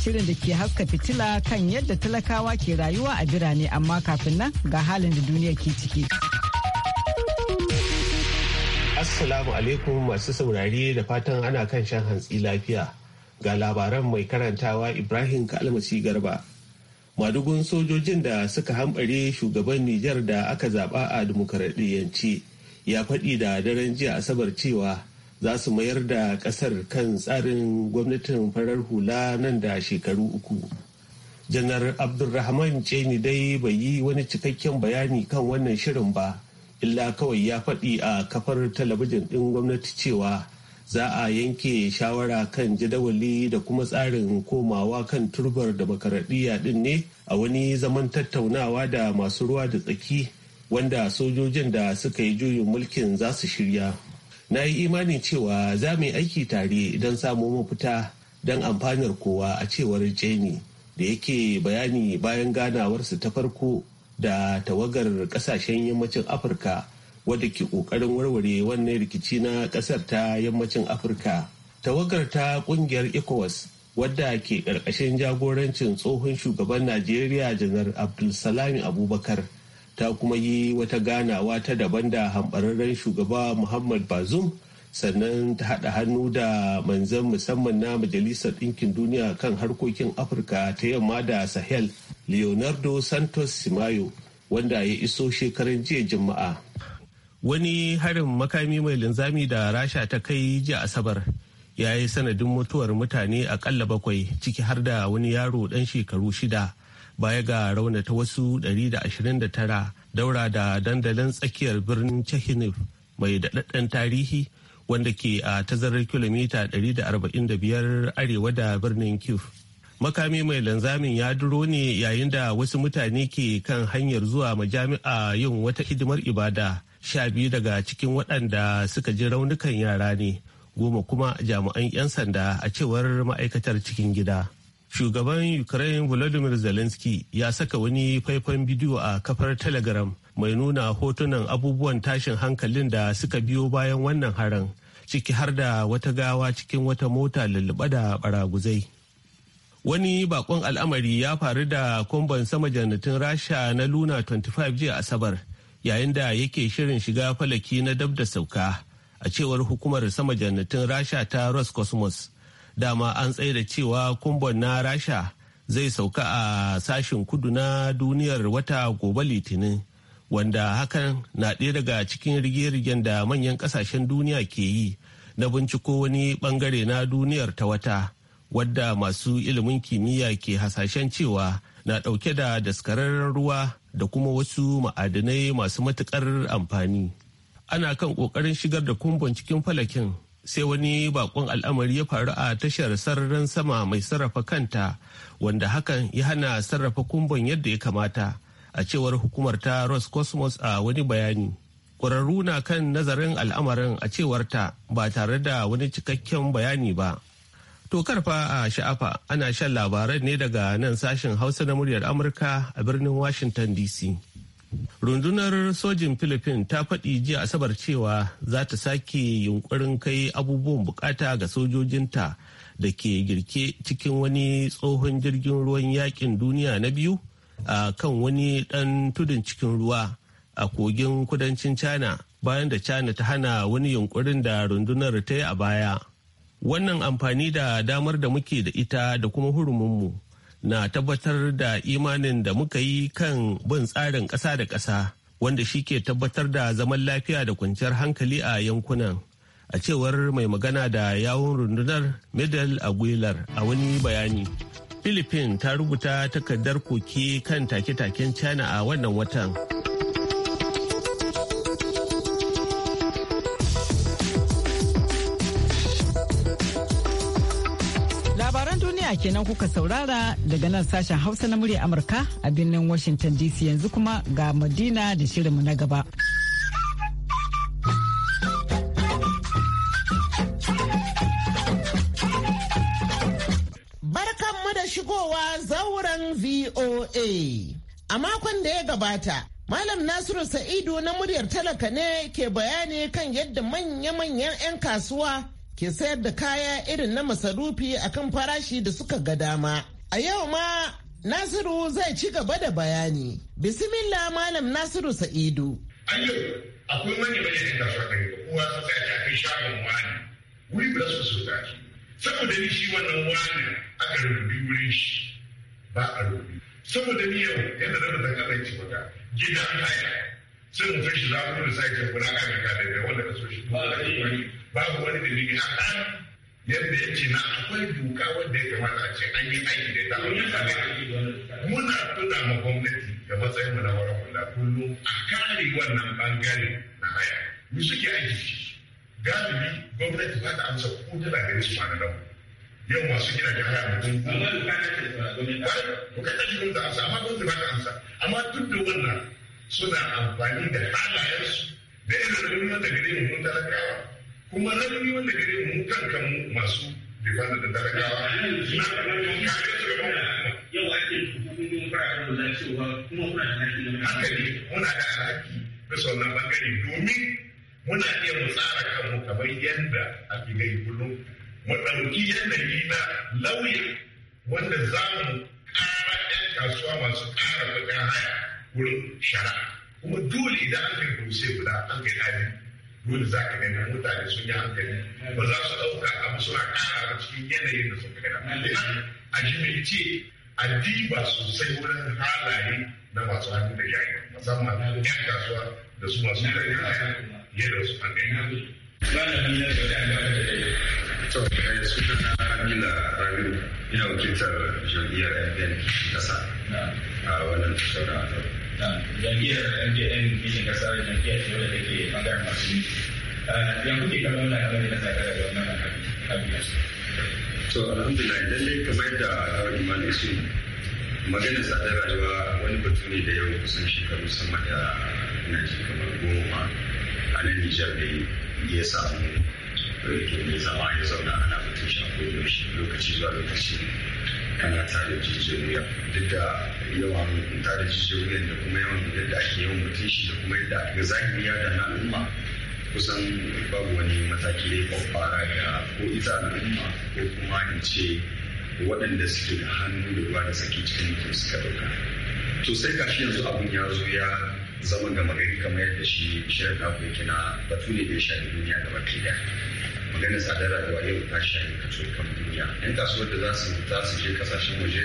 shirin da ke haska fitila kan yadda talakawa ke rayuwa a birane amma kafin nan ga halin da duniya ke ciki. Assalamu alaikum masu saurari da fatan ana kan shan hantsi lafiya. Ga labaran mai karantawa Ibrahim Kalmasi Garba. Madugun sojojin da suka hambare shugaban Nijar da aka zaba a dimokuraɗiyyance ya faɗi da daren jiya Asabar cewa za su mayar da kasar kan tsarin gwamnatin farar hula nan da shekaru uku janar abdulrahman ceni dai bai yi wani cikakken bayani kan wannan shirin ba illa kawai ya faɗi a kafar talabijin ɗin gwamnati cewa za a yanke shawara kan jadawali da kuma tsarin komawa kan turbar demokaradiyya ɗin ne a wani zaman tattaunawa da masu ruwa da tsaki wanda sojojin da suka yi juyin mulkin za su shirya na yi imanin cewa za mu yi aiki tare don samu mafita don amfanar kowa a cewar jeni da yake bayani bayan ganawarsu ta farko da tawagar kasashen yammacin afirka wadda ke kokarin warware wannan rikici na kasar ta yammacin afirka tawagar ta kungiyar ecowas wadda ke karkashin jagorancin tsohon shugaban najeriya janar abdulsalami abubakar ta kuma yi wata ganawa ta daban da hambararren shugaba muhammad bazum sannan ta haɗa hannu da manzan musamman na majalisar ɗinkin duniya kan harkokin afirka ta yamma da sahel leonardo santos simayo wanda ya iso shekaran jiya juma'a wani harin makami mai linzami da rasha ta kai jiya asabar ya yi sanadin mutuwar mutane akalla bakwai ciki har da wani yaro ɗan shekaru shida baya ga raunata wasu 129 daura da dandalin tsakiyar birnin Chechnya mai daɗaɗɗen tarihi wanda ke a tazarar kilomita 145 arewa da birnin Kyiv. Makami mai lanzamin ya duro ne yayin da wasu mutane ke kan hanyar zuwa majami'a yin wata hidimar ibada. Sha biyu daga cikin waɗanda suka ji raunukan yara ne, goma kuma jami'an 'yan sanda a cewar ma'aikatar cikin gida. shugaban ukraine volodymyr zelensky ya saka wani faifan bidiyo a kafar telegram mai nuna hotunan abubuwan tashin hankalin da suka biyo bayan wannan haran ciki har da wata gawa cikin wata mota lulluɓe da ɓaraguzai. wani bakon al'amari ya faru da kumban sama jannatin rasha na luna 25 jiya asabar yayin da yake shirin shiga falaki na dab da sauka a cewar hukumar sama jannatin rasha ta roscosmos dama an tsaida cewa kumbon na rasha zai sauka a sashen kudu na duniyar wata gobe litinin wanda hakan na ɗaya daga cikin rige-rigen da manyan ƙasashen duniya ke yi na binciko wani ɓangare na duniyar ta wata wadda masu ilimin kimiyya ke hasashen cewa na ɗauke da daskararren ruwa da kuma wasu ma'adinai masu matukar amfani ana kan ƙoƙarin shigar da kumbon cikin falakin sai wani bakon al'amari ya faru a tashar sararin sama mai sarrafa kanta wanda hakan ya hana sarrafa kumbon yadda ya kamata a cewar hukumar ta roscosmos a wani bayani ƙwararru na kan nazarin al'amarin a cewar ta ba tare da wani cikakken bayani ba to karfa a sha'afa ana shan labaran ne daga nan sashen hausa na muryar amurka a birnin washington dc rundunar sojin philippines ta faɗi jiya asabar cewa za ta sake yunkurin kai abubuwan bukata ga sojojinta da ke girke cikin wani tsohon jirgin ruwan yakin duniya na biyu a kan wani ɗan tudun cikin ruwa a kogin kudancin china bayan da china ta hana wani yunkurin da rundunar ta yi a baya wannan amfani da damar da muke da ita da kuma hurumin mu. na tabbatar da imanin da muka yi kan bin tsarin ƙasa da ƙasa wanda shi ke tabbatar da zaman lafiya da kwanciyar hankali a yankunan a cewar mai magana da yawon rundunar middle aguilar a wani bayani philippines ta rubuta takardar koke kan take-taken china a wannan watan. duniya kenan kuka saurara daga nan sashen hausa na murya amurka a birnin washington dc yanzu kuma ga madina da shirinmu na gaba barkanmu da shigowa zauren voa a makon da ya gabata Malam Nasiru Sa'idu na muryar talaka ne ke bayani kan yadda manya-manyan 'yan kasuwa ke sayar da kaya irin na masarufi akan farashi da suka ga dama. A yau ma Nasiru zai ci gaba da bayani. Bismillah Malam Nasiru Sa'idu. akwai wani bane da kasuwa ɗari kowa su ta shagon wani wuri ba su su tashi saboda ni shi wannan wani aka rubi wurin shi ba a rubi. saboda ni yau yana da mata kaɗan ci maka gidan haya sun da shi za mu da sake kuna kan gane da wanda ka so shi ba babu wani dalili a kan yadda ya ce na akwai doka wanda ya kamata a ce an yi aiki da ita a wani muna tuna ma gwamnati da matsayin mu na wara kula kullum a kare wannan bangare na haya mu suke aiki shi galibi gwamnati ba ta amsa ko tana gari su ma na yau masu gina da haya mutum amma da ka ta ce ba gwamnati ba ta amsa amma gwamnati ba ta amsa amma duk da wannan suna amfani da halayensu da irin rauni wanda gare mu talakawa kuma rauni wanda gare mu kanka mu masu difanda da talakawa na kuma yau ake hukumomin fara da cewa kuma kuna da haƙi na haka ne muna da haƙi bisa wannan bangare domin muna iya mu tsara kanmu kamar yadda ake gai kullum mu ɗauki yanayi na lauya wanda za mu ƙara 'yan kasuwa masu ƙara kuɗin haya wurin shari'a kuma dole idan an kai kuma sai guda an kai ɗari dole za ka nemi mutane sun yi hankali ba za su ɗauka abu suna ƙara cikin yanayin da suka gani a ji mai ce a diba sosai wurin halaye na masu hannu da yayi musamman ɗan kasuwa da su masu yi da yayi yadda su an gani. Bana hanyar da ta gaba da To, suna na Hamila Rabiu, ina wakiltar jam'iyyar MPN ƙasa a wannan tattaunawa. jam'iyyar MDN kishin kasa da jam'iyyar ce wadda take bangaren masu yi. Yan kuke kallon wannan kamar yana tsaka da wannan kabinet. To alhamdulillah lallai kamar yadda kawai imani su maganar tsadar rayuwa wani batu ne da yau kusan shekaru sama da na ji kamar goma a nan Nijar da ya samu mai zama ya zauna ana mutum shafi lokaci zuwa lokaci ana tare jijiyoyi duk da yawan tare jijiyoyin da kuma yawan yadda ake yawan mutum shi da kuma yadda ga zahiri ya da na al'umma kusan babu wani mataki da ya fara da ko ita al'umma ko kuma in ce waɗanda suke da hannu da ruwa da sake cikin mutum suka ɗauka to sai kashi yanzu abun ya zo ya zama gama gari kamar yadda shi shirin da ya kina batu ne da ya shafi duniya da ɗaya magana tsada rayuwa yau ta shafi kacokon duniya yan kasuwar da za su su je kasashen waje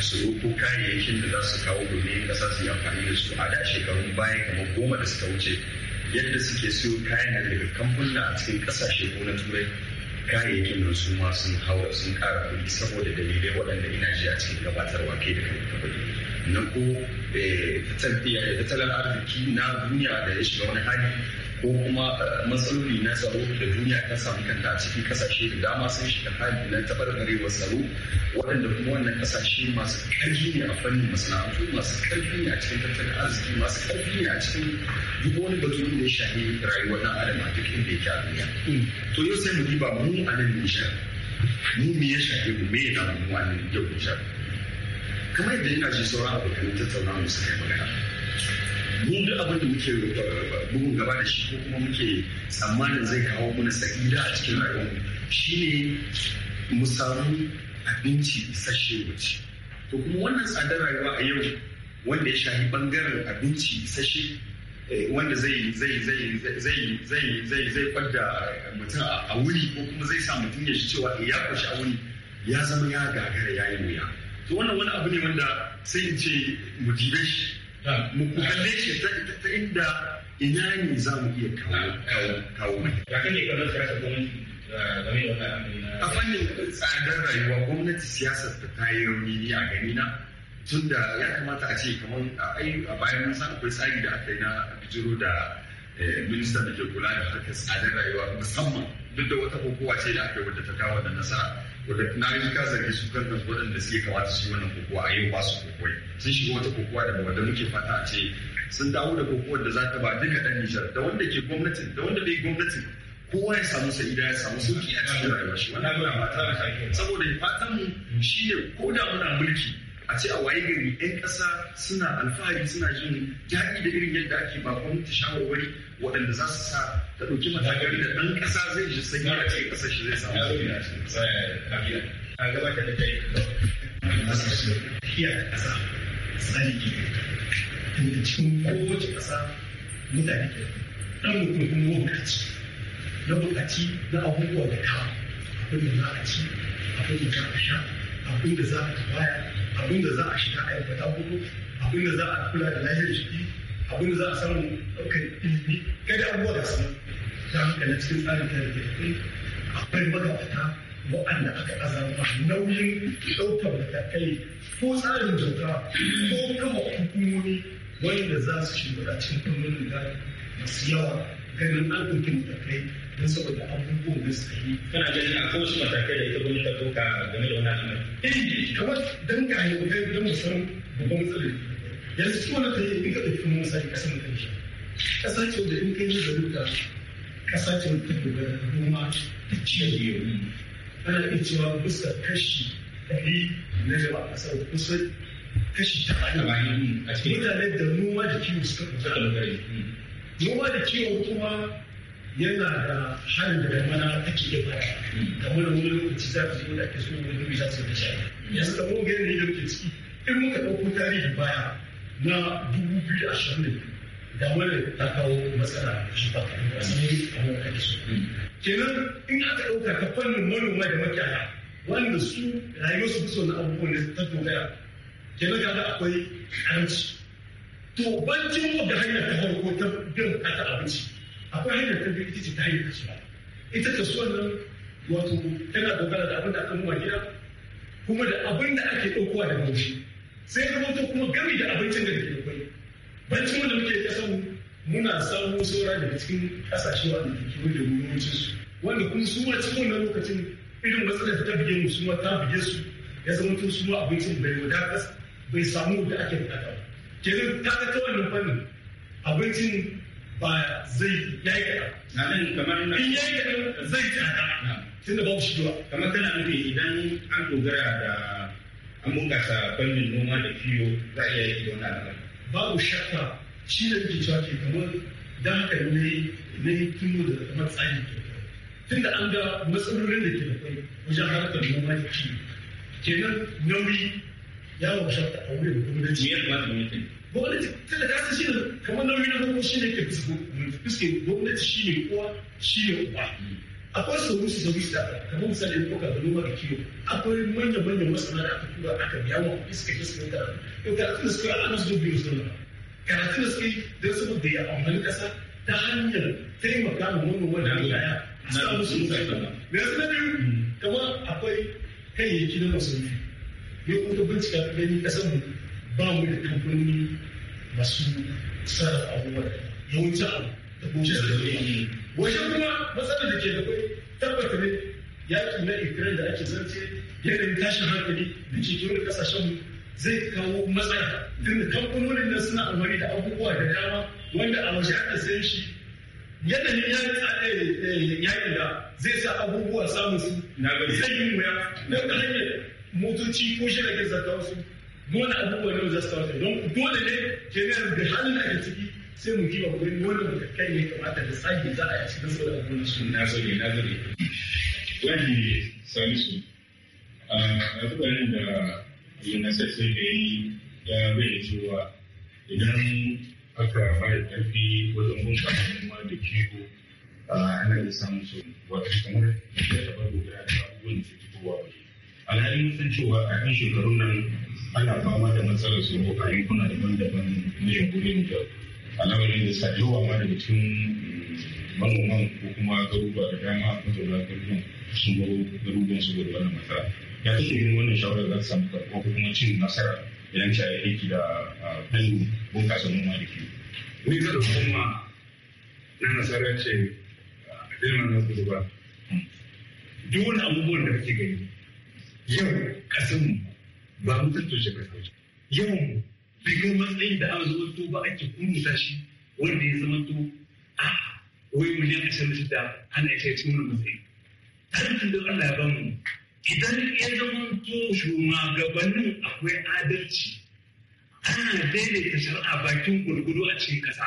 su ko kayayyakin da za su kawo domin kasa su yi amfani da su a da shekarun baya kamar goma da suka wuce yadda suke siyo kayan da daga kamfuna a cikin kasashe ko na turai kayayyakin da su ma sun haura sun ƙara kuɗi saboda dalilai waɗanda ina ji a cikin gabatarwa kai da kai kabari na ko eh, fitar da eh, tattalin arziki na duniya da ya shiga wani hali ko kuma eh, matsaloli na tsaro da duniya ta samu kanta a cikin kasashe da dama sun shiga hali na tabarbarewar tsaro waɗanda kuma wannan kasashe masu ƙarfi ne a fannin masana'antu masu ƙarfi ne a cikin tattalin arziki masu ƙarfi ne a cikin duk wani batu da ya shafi rayuwar ɗan adam a duk inda yake a duniya. to yau sai mu diba mu a nan Nijar mu me ya shafi mu me ya mu a nan yau Nijar kamar yadda ina ji sauran abokan tattaunawa mu suka yi magana mu duk abin da muke eh, bugun gaba da shi ko kuma muke tsammanin zai kawo mana sa'ida a cikin rayuwar shine mu samu abinci isasshe wace to kuma wannan tsadar rayuwa a yau wanda ya shafi bangaren abinci isasshe eh, wanda zai zai zai zai zai zai zai kwadda mutum a wuri ko kuma zai sa mutum ya shi cewa ya kwashi a wuri ya zama ya gagara ya yi wuya to wannan wani abu ne wanda sai in ce mu jibe shi mu kalle shi ta inda ina ne za mu iya kawo mai. Ya ne eh, a fannin tsadar rayuwa gwamnati siyasar ta ta yi rauni a gani na tun da ya kamata a ce kamar a bayan mun san akwai tsari da aka yi na bijiro da eh, minista da ke kula da harkar tsadar rayuwa musamman duk da wata kokowa ce da aka yi wadda ta kawo da nasara na yi ka zargi su kan waɗanda suke kamata su yi wannan kokowa a yau ba su kokowa sun shiga wata kokowa da wanda muke fata ce sun dawo da kokowar da za ta ba duka ɗan nijar da wanda ke gwamnatin da wanda bai gwamnatin kowa ya samu sa'ida ya samu sauki a cikin rayuwa shi wannan muna fata saboda fatan mu shi ne ko da muna mulki a ce a waye gari ɗan ƙasa suna alfahari suna jin daɗi da irin yadda ake ba sha shawarwari waɗanda za su sa ta ɗauki matakan da ɗan ƙasa zai ji sanya a cikin ƙasar shi zai samu sauƙi a gabatar da ta yi ƙasa tsari ke cikin kowace ƙasa mutane ke ɗan mutum kuma wakaci na bukaci na abubuwa da kawo abin da za a ci abin da za a sha abin da za a baya abin da za a shiga a aikata hudu abin da za a kula da lafiyar jiki abin da za a samu ɗaukar ilimi kada abuwa da su ta haka na cikin tsarin ta da akwai magabata wa'anda aka azama nauyin ɗaukar matakai ko tsarin doka ko kama hukumomi wanda za su shiga cikin kundin da masu yawa ganin an kuke matakai don saboda abubuwan da suka yi. Kana ganin akwai wasu matakai da ita gwamnati ta ɗauka game da wani al'amari. Eh, kamar don ga yi kai don musamman san babban matsalar. Yanzu su wani ta yi in ka ɗauki mun yi ƙasar mu kan shi. Ƙasa ce da in kai nazarin ta ƙasa ce ta dogara da noma ta ciyar da yau. Ana iya cewa bisa kashi ɗari na jama'a ƙasar kusa kashi ta tamanin. Mutanen da noma da kiwo suka kusa a lokacin. noma da kiwo kuma yana da harin da mana ake da baya kamar wani lokaci za ku zo da ake so wani lokaci za su da shayi ya suka mun gani da muke ciki in muka ɗauko tarihi baya na dubu biyu a ashirin da wani ta kawo matsala da shi ba ka da wasu ne a wani ake so kenan in aka ɗauka ta fannin manoma da makiyaya wanda su su bisa wani abubuwan da ta dogara kenan kaga akwai karanci to mu wanda hanyar ta farko ta bin haka abinci akwai hanyar ta biyu ita ce ta hanyar kasuwa ita kasuwar nan wato tana dogara da abin da aka nuna gida kuma da abin da ake ɗaukowa da bauchi sai zama to kuma gami da abincin da ke banci mu wanda muke kasan muna samu saura daga cikin ƙasashe wanda ke kewaye da mummuncin su wanda kuma su ma cikin wannan lokacin irin matsalar ta bige mu su ma ta bige su ya zama to su ma abincin bai wadatar bai samu da ake buƙata kenan ta ga kawai wannan fannin abincin ba zai ya na kaɗan. kamar na. In yayi yi zai zai tsada. Tunda babu shi zuwa. Kamar tana nufin idan an dogara da an bunƙasa fannin noma da kiwo za a iya yi da wani al'amari. Babu shakka shi da muke cewa ke kamar dan haka ne ne yi tuno da kamar tsari ke Tunda an ga matsalolin da ke da kai wajen harkar noma da kiwo. Kenan nauyi yawon shakka da wurin gwamnati. ba ya kamata gwamnati? Gwamnati tana ta shi ne kamar nauyi na gwamnati shi ne ke fuske gwamnati shi ne kowa shi ne uba. Akwai sauransu sauransu da kamar misali ko ka gano da kiwo akwai manya-manyan masana da aka tura aka biya wa iska ke suka karatu. Yau karatu da suka ana su biyu su nuna. Karatu da suka yi don saboda ya amfani kasa ta hanyar taimaka ma manoma da ya ya. Na da su suka kama. Me yasa na biyu hmm. kamar akwai kayayyaki na masu duk kuma bincika da gani kasan mu ba mu da kamfani masu sarrafa abubuwan yawancin abu da kuma yi wajen kuma matsalar da ke da kai tabbata ne ya na ukraine da ake zance yanayin tashin hankali da ke kewar kasashenmu zai kawo matsala da kamfanonin nan suna amfani da abubuwa da dama wanda a waje aka sayan shi yanayin ya tsada eh, eh, yaƙi da zai sa abubuwa samun su zai yi wuya na hanyar motoci ko shi da zata wasu dole abubuwa ne za su tawaye don dole ne jami'ar da halin da ake ciki sai mu kiba gurin wannan da kai ne kamata da tsage za a yi cikin da abubuwan su na zobe na zobe wani salisu a zubarin da na sai da yi ya bayyana cewa idan aka bayar ƙarfi wajen bunƙasa noma da kiwo ana iya samun su wata kamar da ta dogara da abubuwan da ke fitowa waje alhali mun san cewa a yan shekarun nan ana fama da matsalar tsoro a yankuna daban-daban na jamhuriyar da Alamarin da sa yawa ma daga cikin manoman ko kuma garuruwa da dama mazauna garuruwan su baro garuruwan su gudu wani mata Ya kake ganin wannan shawarar za ta samu karɓuwa ko kuma cin nasara idan ta yi aiki da fannin bunƙasa noma da ke Ni da kuma na nasara ce a nan na gudu ba. Duk wani abubuwan da kake gani yau mu, ba mu tattaushe shi. yau bigo matsayin da aka zuwa to ba ake kurusa shi wanda ya zama to a wai miliyan ashirin shida ana ya cikin wani matsayi tsarin da Allah ya bamu idan ya zama to shugabannin akwai adalci ana daidaita shari'a bakin gurguru a cikin kasa.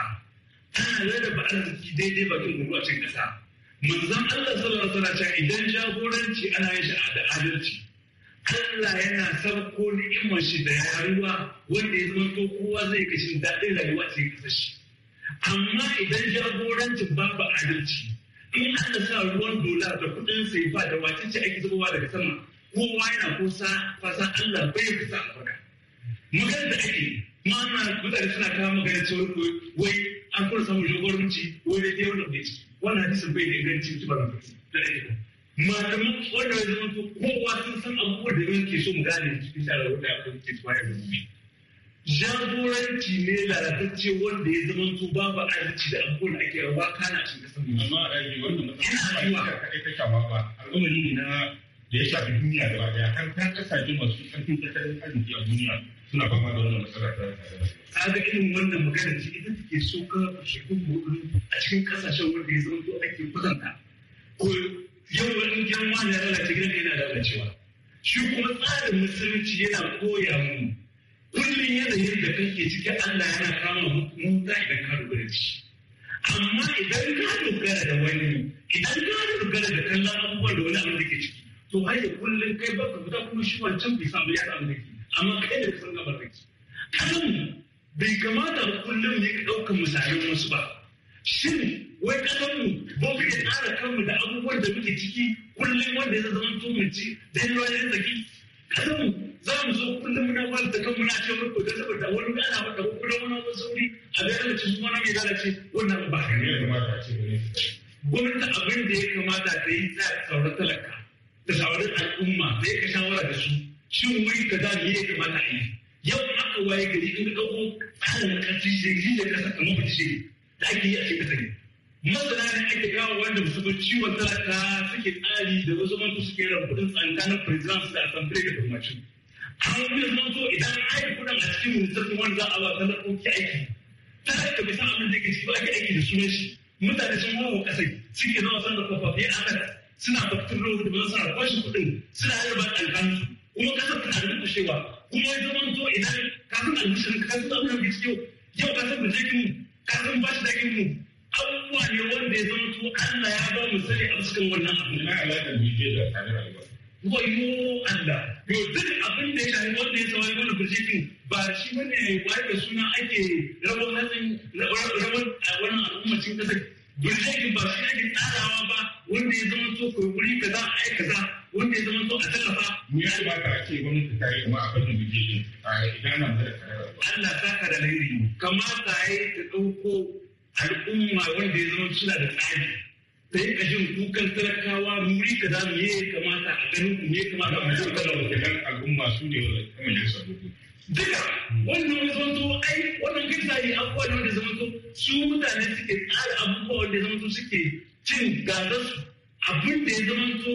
ana rarraba arziki daidai bakin gurguru a cikin kasa manzon Allah sallallahu alaihi wasallam idan jagoranci ana yin shi da adalci Allah yana sauko ni'imar shi da rayuwa wanda ya zama to kowa zai ga shi daɗin rayuwa ce ta shi amma idan jagorancin babu adalci in da sa ruwan dola da kuɗin sai ba da wacin ce ake zubowa daga sama kowa yana kusa fasa Allah bai kusa abada magan da ake ma'ana mutane suna kawo magana cewa wai an kuma samun jagoranci wai da ke da bai wannan hadisin bai da inganci mutum da ake wanda wannan zama kowa sun san abubuwa da yake so mu gane cikin shahararru da abin ke tuwa yanzu jagoranci ne lalatacce wanda ya zama to babu arziki da abubuwan da ake rawa kana cikin kasar mu amma a yi wannan matsala ina yiwa kaɗai ta shafa ba al'amari ne na da ya shafi duniya gaba daya kan kan kasashe masu ƙarfin tattalin arziki a duniya suna fama da wannan matsala ta ga irin wannan magana ce idan take so ka shekaru a cikin kasashen wanda ya zama to ake kusanta ko yau wani girma wani ya lalace gidan yana lalacewa shi kuma tsarin musulunci yana koya mu kullum yanayin da kake ciki Allah yana kama mu za idan ka dogara shi amma idan ka dogara da wani idan ka dogara da kallon abubuwan da wani abu da ke ciki to har yi kullum kai ba ka fita kuma shi wancan bai samu ya samu ke amma kai da ka san da ke kasan bai kamata kullum ne ka ɗaukar misalin wasu ba shin wai kasanmu mu muke tsara kanmu da abubuwan da muke ciki kullum wanda ya zama to mu ci dai ruwan zaki kasanmu za mu zo kullum muna wani da kanmu na ce mu ko da saboda wani ga ana mata kuma wani wani sauri a ga yana cin mana mai lalace wannan ba ne ya kamata ce gwamnati abin da ya kamata ta yi ta sauran talaka da sauran al'umma da ya ka shawara da su shin wuri kaza ne ya kamata a yi yau aka waye gari in ka ɗauko tsarin ƙarfi shiri da ƙasa kamar ba shiri da ake yi a cikin ƙasa ne masana ne ake kawo wanda su ga ciwon talaka suke tsari da wasu manku suke rabu rabutun tsankanin president da assembly da gwamnati an yi zanto idan an yi kudin a cikin ministan wanda za a ba talakoki aiki talaka bai san abin da ke ciwo ake aiki da sunan shi mutane sun wawo kasa suke zama sanda kofafi a haka suna fakitin rohu da masu suna kwashe kudin suna yi ba tsankanin kuma kasa tana da shewa kuma ya zamanto idan ka san albishirin ka san abin da ke ciwo yau ka san da jikin mu ka san bashi da jikin mu abubuwa ne wanda ya zama su Allah ya ba mu sani a cikin wannan abu. alaƙa alaƙar bije da kanar albarka. Wayo Allah, yau duk abin da ya shafi wanda ya sauri wani fasikin ba shi ba ne waye da suna ake rabon hatsin rabon wannan al'ummacin ƙasa. ƙasar. aikin ba shi aikin tsarawa ba wanda ya zama so ko wuri za a yi kaza wanda ya zama so a tallafa. Mu ya ba ka ce gwamnati ta yi kuma a bakin bije a idan nan da kanar ba. Allah saka da lairi kamata ya yi ta ɗauko al'umma wanda ya zama suna da tsari ta yi kashin kukan talakawa muri ka za mu yi kamata a ganin ku ne kamata mu yi kala wata kan al'umma su ne majalisar duka wannan ya zama to ai wannan gaisa yi abubuwa ne wanda zama to su mutane suke tsara abubuwa wanda zama to suke cin gasar su abin da ya zama to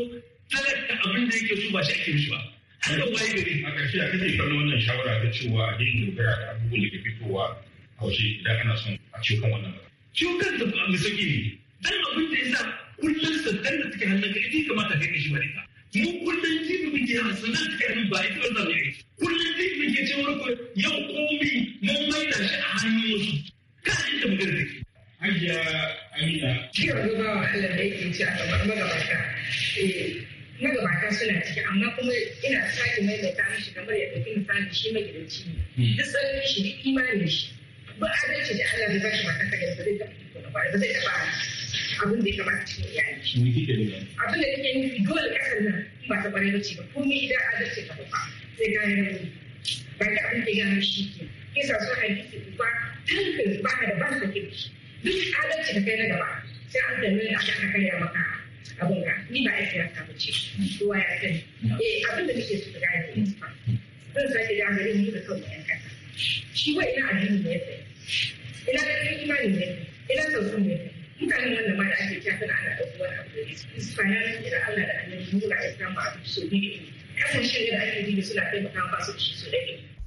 talaka abin da yake su ba shi ake mishi ba haka waye gari a ƙarshe a kake kallon wannan shawara ta cewa a daina dogara da abubuwan da ke fitowa a waje idan ana son a kan wannan cutar da ba sauki ne dan abin da yasa kullum sandan da take hannun ka ita kamata ka shi bane ka mu kullum jibi ke yawa sandan da take hannun ba ita wannan ne kullum jibi ke cewa ko yau komi mun da shi a hannun wasu ka da magana take ayya amina ga gaba Allah da yake ci a gaban magabata eh, magabata suna ciki amma kuma ina sake ta shi kamar yadda kin sani shi magidanci ne hmm. duk sai shi ne imanin shi ba adalci da Allah zai ba shi mata kaga ba zai taɓa ba zai taɓa abin da ya kamata cikin iyali shi abin da kake nufi dole kasar nan ba ta ƙwarai bace ba komai idan adalci ka ba sai ka yi rauni ba ta abin da ya gano shi ke kisa so a yi ba tankin ba ka da ba ka kirki duk adalci da kai na gaba sai an tambaye a kan karya maka abin ka ni ba ya kira ta bace kowa ya sani mm. eh abin da nake so ka gane zan sake da gare ni da kawai 'yan kasa shi da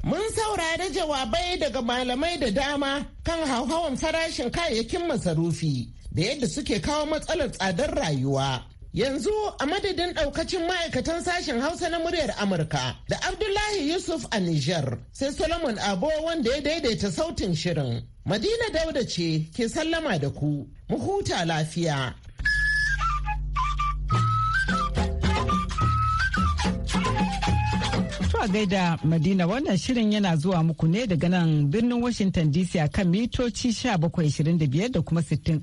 Mun saurari jawabai daga malamai da dama kan hauhawan farashin kayayyakin masarufi da yadda suke kawo matsalar tsadar rayuwa. Yanzu a madadin ɗaukacin ma'aikatan sashen Hausa na muryar Amurka da Abdullahi Yusuf a Niger sai Solomon Abo wanda ya daidaita sautin shirin. Madina Dauda ce ke sallama da ku, mu huta lafiya. zuwa gaida Madina wannan shirin yana zuwa muku ne daga nan birnin Washington DC a kan mitoci 1725 da kuma 60.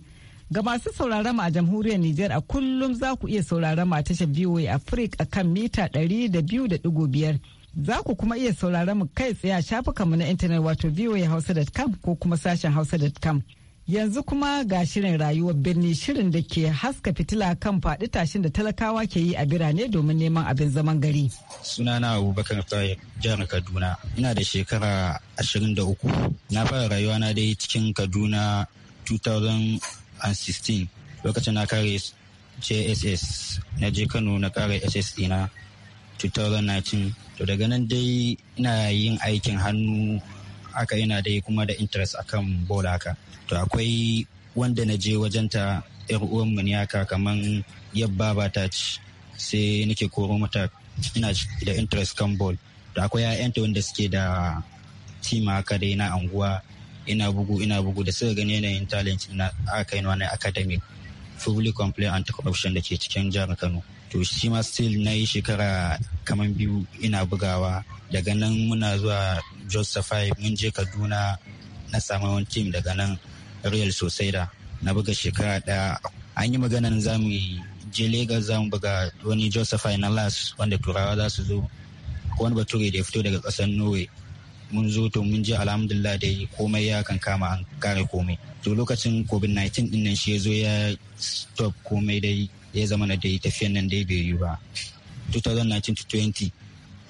Ga masu sauraron a jamhuriyar Nijar a kullum za ku iya sauraron a tashar VOA Africa kan mita 200.5. Za ku kuma iya sauraron mu kai tsaye a shafukanmu na intanet wato voahausa.com ko kuma sashen hausa.com. Yanzu kuma ga shirin rayuwar birni shirin da ke haska fitila kan faɗi tashin da talakawa ke yi a birane domin neman abin zaman gari. Sunana Abubakar Tayyip jihar Kaduna. Ina da shekara 23. Na fara rayuwa na dai cikin Kaduna 2016 lokacin na kare jss na je kano na kare ss dina 2019 to daga nan dai ina yin aikin hannu haka ina dai kuma da interest akan bola haka to akwai wanda na je wajenta yar uwan mu ne haka kaman yabba ba ta ci sai nake koro mata ina da interest kan ball da akwai 'ya'yanta wanda suke da tima haka dai na anguwa ina bugu ina bugu da suka gani yanayin talent na aka kai wani academic public complaint anti corruption da ke cikin jihar Kano to shi ma still na yi shekara kaman biyu ina bugawa daga nan muna zuwa josephine mun je Kaduna na samu wani team daga nan Real sosai da. na buga shekara daya an yi maganan za mu je Lagos za mu buga wani josephine na last wanda turawa za su zo wani bature da ya fito daga ƙasar Norway mun zo to mun je alhamdulillah dai komai ya kan kama an kare komai to lokacin covid-19 din nan shi ya zo ya stop komai dai ya zama na dai tafiyan nan dai bai yi ba 2019-20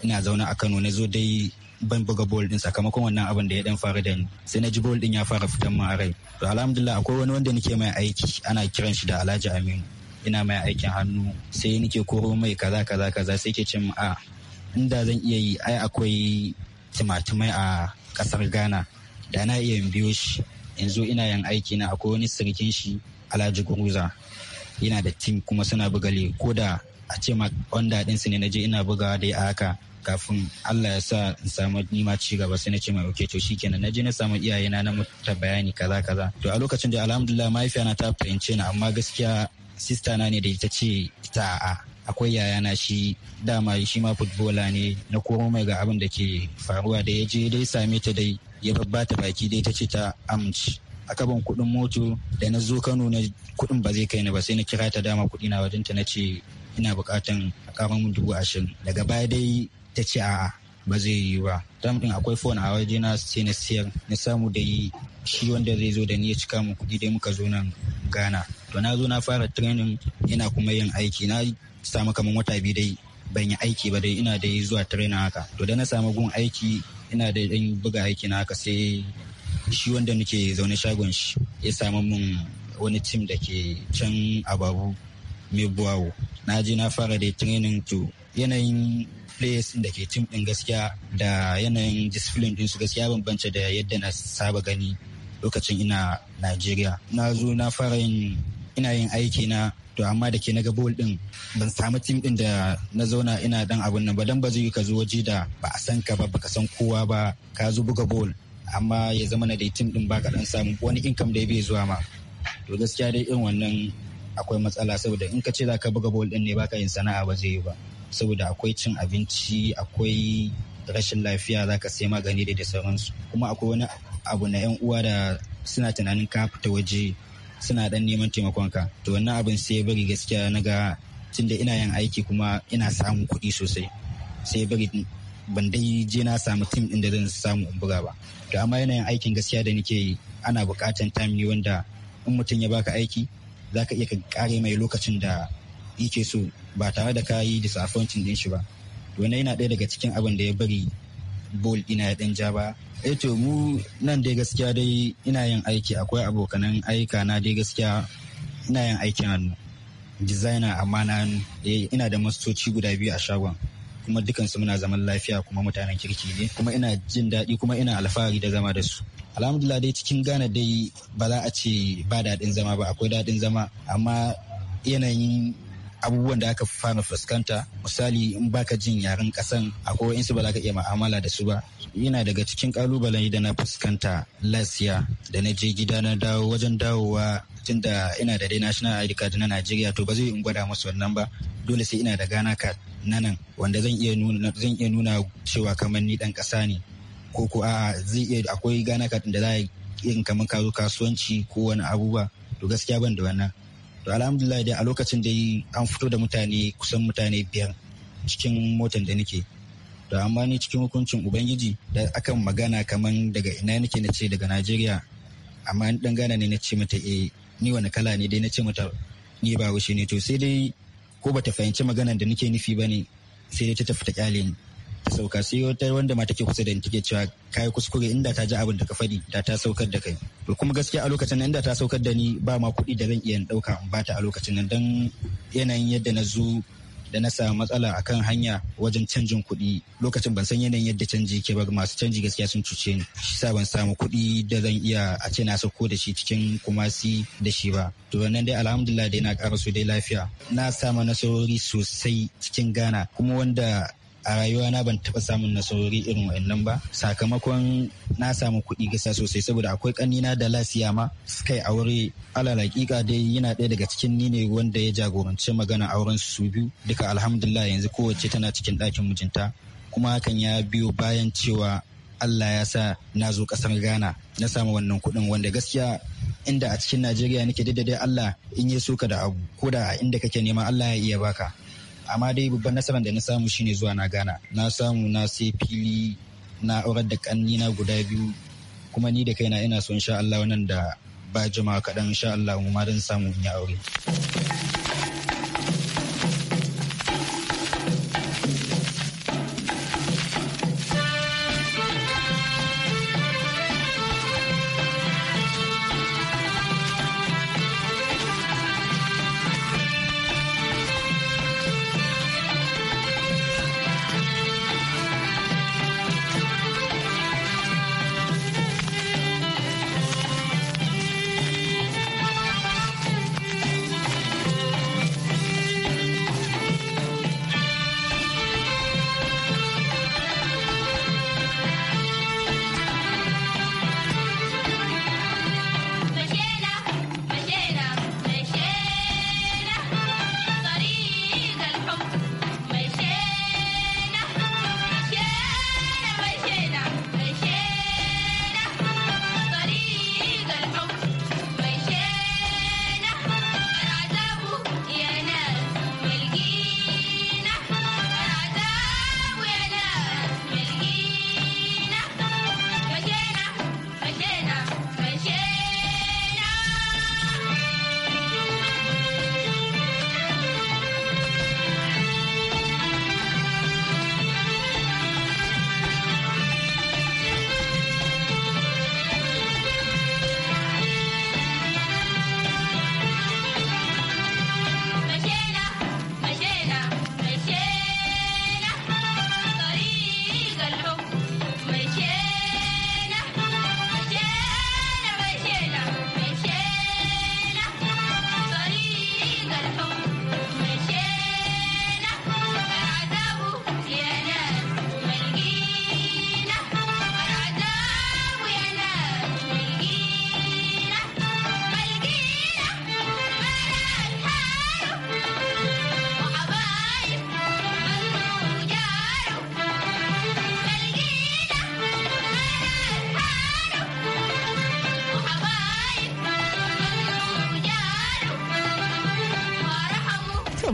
ina zaune a kano na zo dai ban buga bol din sakamakon wannan abin da ya dan faru da ni sai na ji bol din ya fara fitan ma rai to alhamdulillah akwai wani wanda nake mai aiki ana kiran shi da Alhaji Aminu ina mai aikin hannu sai nake koro mai kaza kaza kaza sai ke cin a ah, inda zan iya yi ai akwai timatimai a kasar ghana da na iya biyo shi yanzu ina yin aiki na akwai wani sirkin shi alhaji guruza yana da tim kuma suna buga le ko da a ce ma wanda ɗinsu ne na je ina bugawa dai a haka kafin Allah ya sa in samu nima ci gaba sai na ce mai okay to shikenan na je na samu iyayena na mutu bayani kaza kaza to a lokacin da alhamdulillah mahaifiyana ta fahimce ni amma gaskiya sista na ne da ita ce ita a akwai yayana shi dama shi ma futbola ne na mai ga abin da ke faruwa da ya je dai same ta dai ya babbata baki dai ta ce ta amince A kaban kuɗin moto da na zo kano na kuɗin ba zai kai ni ba sai na kira ta dama kuɗi na wajen ta na ce ina buƙatan a ƙara min dubu ashirin daga baya dai ta ce a'a ba zai yi ba tam din akwai fon a waje na sai na siyar na samu da yi shi wanda zai zo da ni ya cika mu kuɗi dai muka zo nan Ghana to na zo na fara training ina kuma yin aiki na samu kamar wata biyu dai ban yi aiki ba dai ina dai zuwa training haka to da na samu gun aiki ina da yin buga aiki na haka sai shi wanda nake zaune shagon shi ya samu mun wani tim da ke can ababu mai buwawo na je na fara da training to yanayin players da ke tim din gaskiya da yanayin discipline din su gaskiya bambance da yadda na saba gani lokacin ina Najeriya. Na zo na fara yin ina yin aiki na to amma da ke na ga bol din ban samu tim din da na zauna ina dan abun nan ba dan ba zai ka zo waje da ba a san ka ba baka san kowa ba ka zo buga bol amma ya zama na dai tim din baka dan samu wani income da ya bai zuwa ma to gaskiya dai irin wannan akwai matsala saboda in ka ce za ka buga bol din ne baka yin sana'a ba zai yi ba saboda akwai cin abinci akwai rashin lafiya za ka sai magani da sauransu kuma akwai wani abu na yan uwa da suna tunanin ka fita waje suna dan neman taimakon ka to wannan abin sai ya bari gaskiya na ga tunda ina yin aiki kuma ina samun kuɗi sosai sai ya bari ban dai je na samu tim din da zan samu in ba to amma yana yin aikin gaskiya da nake yi ana buƙatan tamini wanda in mutum ya baka aiki Za ka iya ka kare mai lokacin da yake so ba tare da ka yi disappointing din shi ba wannan yana ɗaya daga cikin abin da ya bari bol ina ya ɗan ja ba eh to mu nan dai gaskiya dai ina yin aiki akwai abokanan aika na dai gaskiya ina yin aikin hannu designer amma na eh ina da mastoci guda biyu a shagon kuma dukansu muna zaman lafiya kuma mutanen kirki ne kuma ina jin daɗi kuma ina alfahari da zama da su alhamdulillah dai cikin ghana dai ba za a ce ba daɗin zama ba akwai daɗin zama amma yanayin abubuwan da aka fara fuskanta misali in baka jin yaren kasan akwai wa'insu ba za ka iya ma'amala da su ba yana daga cikin kalubalen da na fuskanta lasiya da na je gida na dawo wajen dawowa tun da ina da dai national id card na najeriya to ba zai in gwada masu wannan ba dole sai ina da ghana card na nan wanda zan iya nuna cewa kamar ni dan kasa ne ko ko a zai iya akwai ghana card da za a yi kamar kasuwanci ko wani abubuwa to gaskiya ban da wannan to alhamdulillah dai a lokacin da an fito da mutane kusan mutane biyar cikin motan da nake to amma ni cikin hukuncin ubangiji da akan magana kaman daga ina nake na ce daga najeriya amma ni dan gana ne na ce mata eh ni wani kala ne dai na ce mata ni ba wuce ne to sai dai ko bata fahimci maganar da nake nufi ba ne sai dai ta tafi ta kyale ni ta sauka sai wata wanda ma take kusa da ni take cewa kai kuskure inda ta ji abin da ka faɗi da ta saukar da kai to kuma gaskiya a lokacin nan inda ta saukar da ni ba ma kuɗi da zan iya ɗauka in bata a lokacin nan dan yanayin yadda na zo da na samu matsala akan hanya wajen canjin kuɗi lokacin ban san yanayin yadda canji ke ba masu canji gaskiya sun cuce ni shi sa ban samu kuɗi da zan iya a ce na sauko da shi cikin kumasi da shi ba to wannan dai alhamdulillah dai na ƙara su dai lafiya na samu nasarori sosai cikin Ghana kuma wanda a rayuwa na ban taɓa samun nasarori irin wa'annan ba sakamakon na samu kuɗi gasa sosai saboda akwai ƙanina da lasiya ma suka yi aure alal hakika dai yana ɗaya daga cikin ni ne wanda ya jagoranci magana auren su biyu duka alhamdulillah yanzu kowace tana cikin ɗakin mijinta kuma hakan ya biyo bayan cewa Allah ya sa na zo ƙasar Ghana na samu wannan kuɗin wanda gaskiya inda a cikin Najeriya nake da dai Allah in ya soka da abu ko da inda kake nema Allah ya iya baka amma dai babban nasarar da na samu shine zuwa na gana na samu na sai fili na aurar da kanni na guda biyu kuma ni da kaina ina son insha Allah wannan da ba jama'a kaɗan insha Allah mu ma dan samu in yi aure.